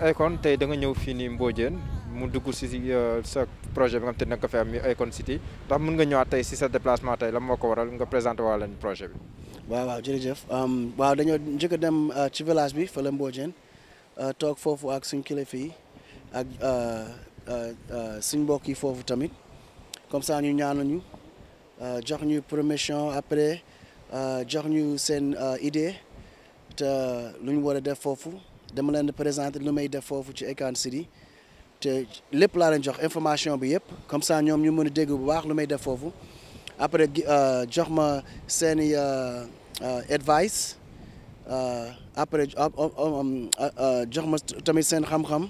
Akon tey danga ñëw fii nii Mbodiène mu dugg si euh, sa projet bi nga xam te ne da nga ko fi City ndax mën nga ñëwaat tey si sa déplacement tey la moo ko waral nga présenté waa leen projet bi. waaw waaw jërëjëf um, waaw dañoo njëkk a dem euh, ci village bi fële Mbodiène euh, toog foofu ak suñ kilifa yi ak suñ mbokk yi foofu tamit comme ça ñu ñaanu jox ñu permission après. Euh, jox ñu seen euh, idée te lu ñu war a def foofu dama leen présenter lu may def foofu ci Ekan City te lépp laa leen jox information bi yëpp comme ça ñoom ñu mën a dégg bu baax lu may def foofu après euh, jox ma seen seeni advice après jox ma tamit seen xam-xam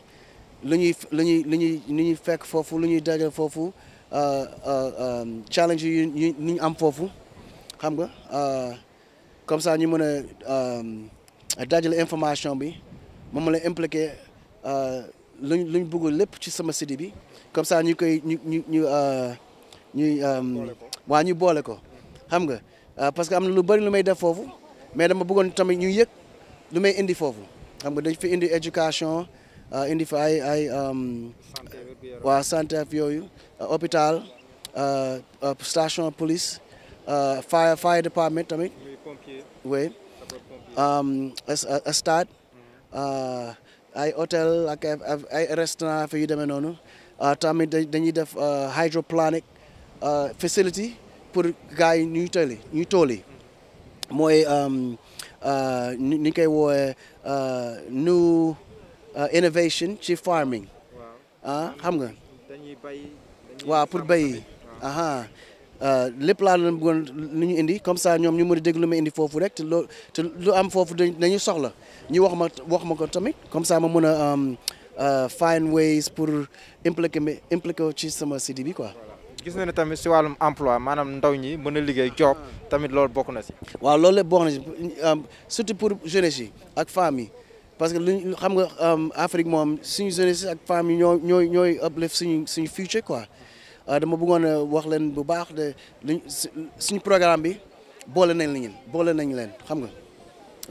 lu ñuy lu ñuy lu ñuy lu ñuy fekk foofu lu ñuy dajal foofu challenge yu ñu am foofu xam nga euh, comme saa ñu mën a euh, dajale information bi moom la impliqué euh, luñ luñ bëgg lépp ci sama site bi comme ça ñu koy ñu ñu ñu ñuy waa ñu boole ko xam nga parce que am na lu bëri lu may def foofu mais dama buggoon tamit ñu yëg lu may indi foofu xam nga dañ fi indi éducation indi fa ay ay waa santé ak yooyu hôpital station police Euh, fire fire department tamit. muy pompier. oui um, uh, ay hôtel ak ay restaurant fi yu demee noonu uh, tamit dañuy def uh, hydroponic facility pour gars yi ñuy tëli tool yi mooy um, ni ñu koy woowee new innovation ci farming. ah xam nga. dañuy bay. waaw pour Euh, lépp laa leen bëggoon li ñu indi comme ça ñoom ñu mën a dégg ma indi foofu rek te loo lu am foofu dañuy soxla ñu wax ma wax ma ko tamit comme ça ma mën a euh, euh, find ways pour impliquer ma impliquer ci sama CD bi quoi. gis na ne tamit si wàllum emploi maanaam ndaw ñi mën a liggéey job tamit loolu bokk na si. waaw loolu le bokk na si surtout pour jeunesse ak femmes parce que luñ xam nga Afrique moom suñu jeunesse ak femmes yi ñoo ñooy ñooy uplift suñu suñu future quoi. Euh, dama buggoon wax leen bu baax de li suñu programme bi boole nañ leen boole nañ leen xam nga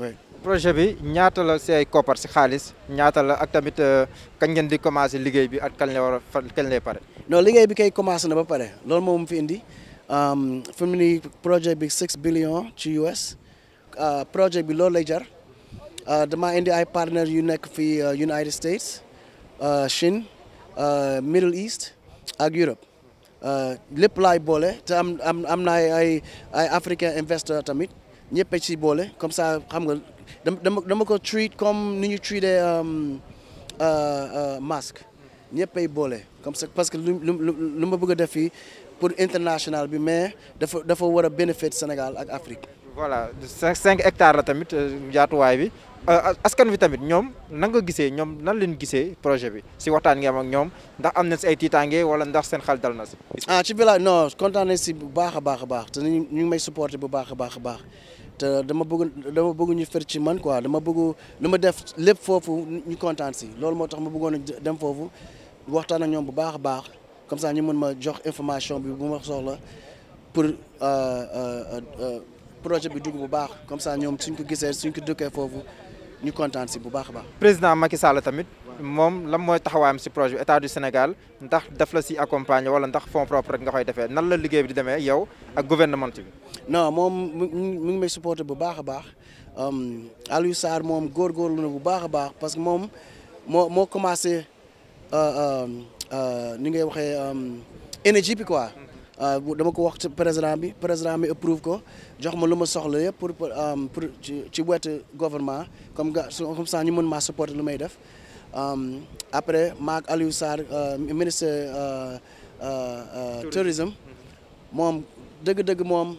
oui. projet bi ñaata la si ay koppar si xaalis ñaata la ak tamit euh, kañ ngeen di commencé liggéey bi ak kañ la war a fa kañ lay pare. non liggéey bi kay commencé na ba pare loolu moom fi indi fi mu projet bi 6 billion ci US euh, projet bi loolu lay jar dama indi ay partenaires yu nekk fii United States Chine Middle East ak Europe. Euh, lépp laay boole te am am naa ay ay africain investor tamit ñëpp ci boole comme ça xam nga dama dama ko treat comme ni ñu treaté um, euh, euh, masque ñëpp ay boole comme ça parce que lu lu lu ma bëgg a def fii pour international bi mais dafa dafa war a bénéfice Sénégal ak Afrique. voilà cinq cinq hectares la tamit jaatuwaay euh, bi euh, askan wi tamit ñoom nan nga gisee ñoom nan leen gisee projet bi si waxtaan ngeen am ak ñoom ndax am na si ay tiitaange wala ndax seen xel dal na si. ah ci village non kontaan si bu baax a baax a baax te ñu ngi may supporter bu baax a baax a baax te dama bëgg dama bëgg ñu fer ci man quoi dama bëgg lu ma def lépp foofu ñu kontaan si loolu moo tax ma bëggoon a dem foofu waxtaan ak ñoom bu baax a baax comme ça ñu mën ma jox information bi bu ma pour. Euh, projet bi dugg bu baax comme ça ñoom suñ ko gisee suñ ko dëkkee foofu ñu kontaan si bu baax a baax. président Macky Sall tamit. moom lan mooy taxawaayam si projet bi état du Sénégal ndax def la si accompagner wala ndax fonds propre rek nga koy defee nan la liggéey bi di demee yow ak gouvernement bi. non moom mu ngi may supporter bu baax a baax Aliou Sarr moom góorgóorlu na bu baax a baax parce que moom moo moo commencé euh, euh, euh, ni ngay waxee énergie bi quoi. Euh, dama ko wax ci président bi président bi approuve ko jox ma lu ma soxla yëpp pour pour um, ci wetu gouvernement comme ga comme ça ñu mën maa supporter lu may def um, après maak Aliou Sarr euh, ministre euh, tourisme moom dëgg-dëgg moom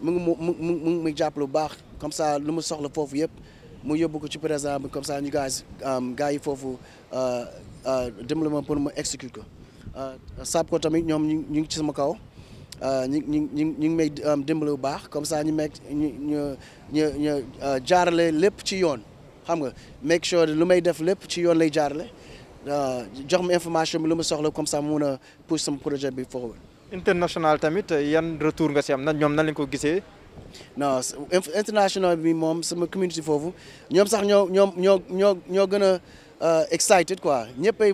mu ngi mu mu jàpp lu baax comme ça lu ma soxla foofu yëpp mu yóbbu ko ci président bi comme saa ñu gaz um, gars yi foofu dimbali ma pour ma exécute ko saab ko tamit ñoom ñu ngi ci sama kaw Euh, ñi ñi ñi ñu ngi may dimbali bu baax comme ça ñu meeg ñu ñu ñu ñu euh, jaarale lépp ci yoon xam nga make sure lu may def lépp ci yoon lay jaarale euh, jox ma information bi lu ma soxla comme ça mu mun push sama projet bi foofu international tamit yan retour nga si am na ñoom nan lañ ko gisee. non international bi moom sama community foofu ñoom sax ñoo ñoom ñoo ñoo ñoo gën a. Euh, excited quoi ñëpp ay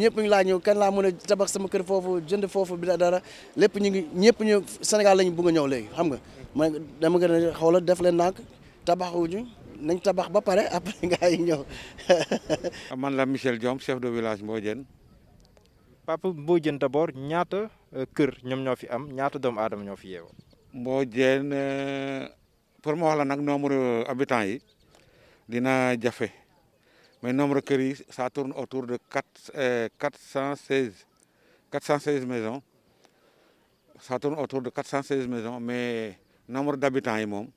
ñëpp ñu laa ñëw kan laa mën a tabax sama kër foofu jënd foofu bi dara lépp ñu ngi ñëpp ñu Sénégal lañu bugg a ñëw léegi xam nga man dama gën a xoola def leen naag tabaxuñu nañ tabax ba pare après nga yi ñëw. Ah, man la Michel Diom chef de village jën papa Mbodiène d'abord ñaata euh, kër ñoom ñoo fi am ñaata doomu aadama ñoo fi yeewoo. Mbodiène euh, pour ma wax la nag nombre habitants yi dina jafe. mais nombre kër yi ça tourne autour de quatre euh, quatre cent seize quatre cent seize maisons ça tourne autour de quatre cent seize maisons mais nombre d' habitants yi moom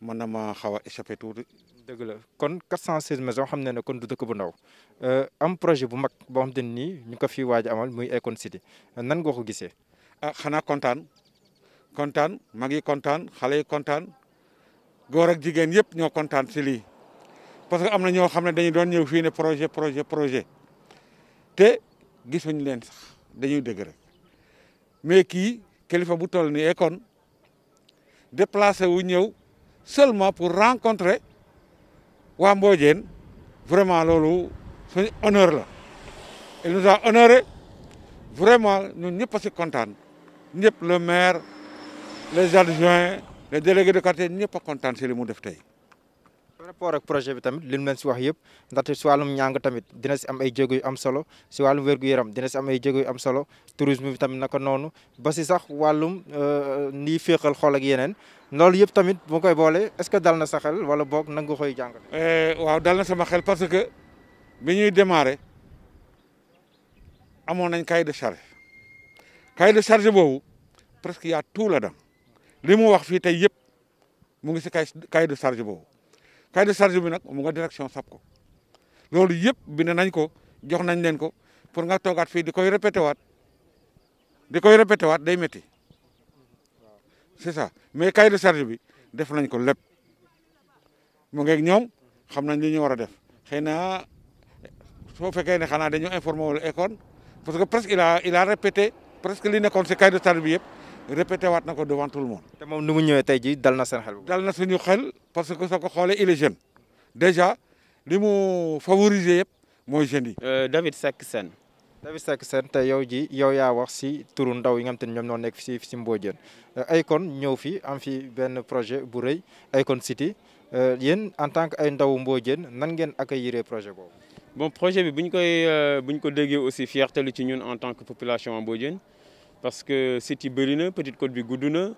mën na ma xaw a échappé tuuti. dëgg la kon 416 maisons xam ne ne kon du dëkk bu ndaw euh, am projet bu mag boo xam te nii ñu ko fi waaj amal muy Akon City nan nga ko gisee. ah xanaa kontaan kontaan mag yi kontaan xale kontaan góor jigéen yëpp ñoo kontaan si lii parce que am na ñoo xam ne dañu doon ñëw fii ne projet projet projet te gisuñu leen sax dañuy dëgg mais kii kilifa bu toll nii kon déplacé wu ñëw seulement pour rencontrer waa Mbodiène vraiment loolu suñu honneur la il nous a vraiment ñun ñëpp a si kontaan ñëpp le maire les adjoints les délégués de quartier ñëpp a kontaan si li mu def tey par rapport ak projet bi tamit li mu leen si wax yëpp ndaxte si wàllum ñàng tamit dina si am ay jéego yu am solo si wàllum wér-gu-yaram dina si am ay jéego yu am solo tourisme bi tamit naka noonu ba si sax wàllum nii euh, féexal xol ak yeneen loolu yëpp tamit bu koy boole est-ce que dal na sa wala boog nan nga koy jàng. Euh, waaw dal na ma xel parce que bi ñuy démarrer amoon nañ kayit de charge cahier de charge boobu presque y tout là-dedans li mu wax fii tey yëpp mu ngi si cahier de charge boobu. cahier de charge bi nag mu a direction ko loolu yëpp bind nañ ko jox nañ leen ko pour nga toogaat fii di koy répété waat di koy répété waat day métti c'est ça mais cahier de charge bi def nañ ko lépp mu ngeeg ñoom xam nañ li ñu war a def xëy na soo fekkee ne xanaa dañu informé wala école parce que presque il a il a répété presque li nekkoon si cahier de charge bi yëpp. répété waat na ko devant tout le monde. te moom ni mu ñëwee tey jii dal na seen xel. dal na suñu xel parce que soo ko xoolee il est jeune déjà li mu favoriser yëpp mooy jeunes yi. Euh, David Seck Sène. David Seck Sène tey yow ji yow yaa wax si turu ndaw yi nga xam ne ñoom ñoo nekk si si Mbodiène euh, Akon ñëw fi am fi benn projet bu rëy Akon City euh, yen en tant que ay ndawu Mbodiène nan ngeen accueillir projet boobu. bon projet bi bu ñu koy bu ñu ko déggee aussi fierté lu ci ñun en tant que population Mbodiène. parce que site yi bëri na Petite Côte bi gudd na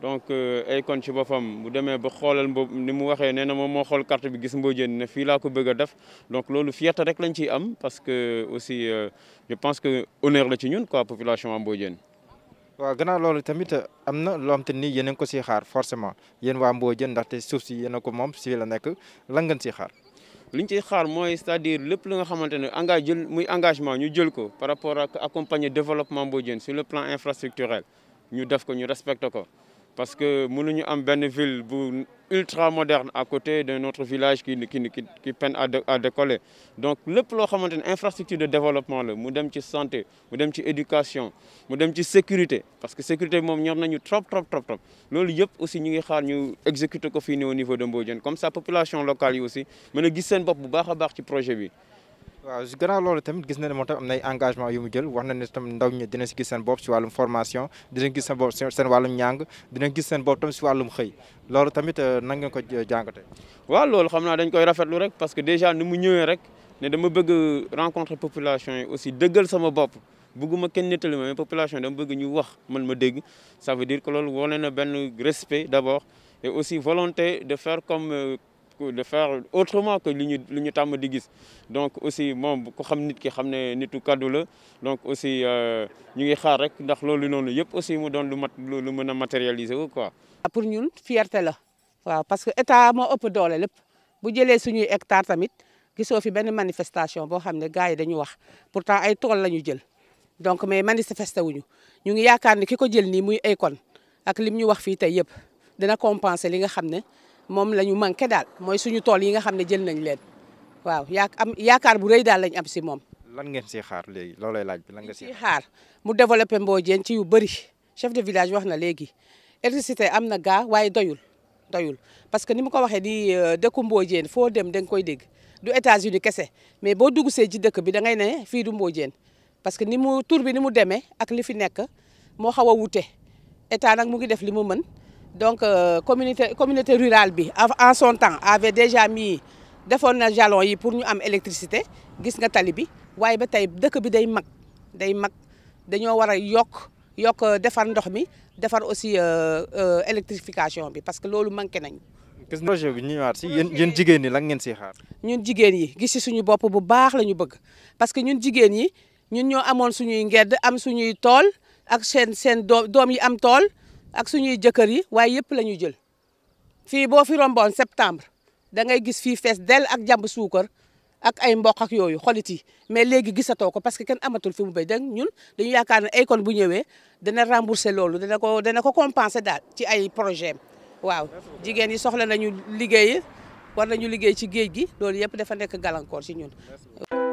donc euh, ay kon ci boppam bu demee ba xoolal mboobu ni mu waxee nee na moom moo xool carte bi gis Mbodiène ne fii laa ko bëgg def donc loolu fierté rek lañu ciy am parce que euh, aussi euh, je pense que honneur la ci ñun quoi population Mbodiène waaw gannaaw loolu tamit am na loo xam te ni yéen ko siy xaar forcement yéen wa Mbodiène ndaxte suuf si yéen a ko moom si la nekk lan ngeen siy xaar li ñu ciy xaar mooy c'est-à-dire lépp li nga xamante ne engagé muy engagement ñu jël ko par rapport ak accompagner développement Mbodiène sur le plan infrastructurel ñu def ko ñu respecté ko parce que mënuñu am benn ville bu ultra moderne à côté de autre village ki qui qui qui peine à à décoller donc lépp loo xamante ne infrastructure de développement la mu dem ci santé mu dem ci éducation mu dem ci sécurité parce que sécurité bi moom ñor nañu trop trop trop trop loolu yëpp aussi ñu ngi xaar ñu exécuter ko fii nii au niveau de Mbodiène comme ça population locale yi aussi mën a gis seen bopp bu baax a baax ci projet bi. waaw gannaaw loolu tamit gis na ne moom tam am na engagement yu mu jël wax na ne tam ndaw ñi dina si gis seen bopp si wàllum formation dinañ gis seen bopp seen wàllum ñàng dinañ gis seen bopp tam si wàllum xëy loolu tamit euh, nan ko euh, jàngate waaw loolu xam naa dañ koy rafetlu rek parce que déjà ni mu ñëwee rek ne dama bëgg rencontre population yi aussi dëggal sama bopp bëgguma kenn nettali ma mais population dama bëgg ñu wax man ma dégg ça veut dire que loolu wane na benn respect d'abord et aussi volonté de faire comme euh, de faire autrement que li ñu li ñu tàmm di gis donc aussi moom ko xam nit ki xam ne nitu kaddu la donc aussi euh, ñu ngi xaar rek ndax loolu noonu yëpp aussi mu doon lu mat lu mën a matérialiser wu quoi. Ah, pour ñun fierté la waaw parce que état moo ëpp doole lépp bu jëlee suñuy hectare tamit gisoo fi benn manifestation boo xam ne gars yi dañu wax pourtant ay tool la ñu jël donc mais manifesté wuñu ñu ngi yaakaar ni ki ko jël nii muy Akon ak lim ñu wax fii tey yëpp dina compenser li nga xam ne. moom la ñu manqué daal mooy suñu tool yi nga xam ne jël nañ leen waaw yaa am yaakaar bu rëy daal lañ am si moom. lan ngeen siy xaar léegi loolay laaj bi lan ngeen siy xaar mu développé Mbodiène ci yu bëri chef de village wax na léegi électricité am na gaa waaye doyul doyul parce que ni mu ko waxee ni euh, dëkku Mbodiène foo dem da nga koy dégg du États-Unis kese mais boo dugg see ci dëkk bi da ngay ne fii du Mbodiène parce que ni mu tur bi ni mu demee ak li fi nekk moo xaw a wute état nag mu ngi def li mu mën. donc euh, communauté communauté rurale bi en son temps avait déjà mis defoon na jalon yi pour ñu am électricité gis nga tali bi waaye ba tey dëkk bi day mag day mag dañoo war a yokk yokk euh, defar ndox mi defar aussi euh, électrification bi parce que loolu manqué nañu. gis projet bi ñëwaat si yéen yéen jigéen ñi lan ngeen siy xaar. ñun jigéen yi gis si suñu bopp bu baax la ñu bëgg parce que ñun jigéen yi ñun ñoo amoon suñuy ngedd am suñuy tool ak seen seen doom yi am tool. ak suñuy jëkkër yi waaye yëpp la ñuy jël fii boo fi romboon septembre da ngay gis fii fees dell ak jàmb suukar ak ay mboq ak yooyu xolit yi mais léegi gisatoo ko parce que kenn amatul fi mu béy dégg ñun dañu yaakaar ne Akon bu ñëwee dana rembourser loolu dana ko dana ko compenser daal ci ay projet waaw jigéen yi soxla nañu liggéey war nañu liggéey ci géej gi loolu yëpp dafa nekk gàllankoor ci ñun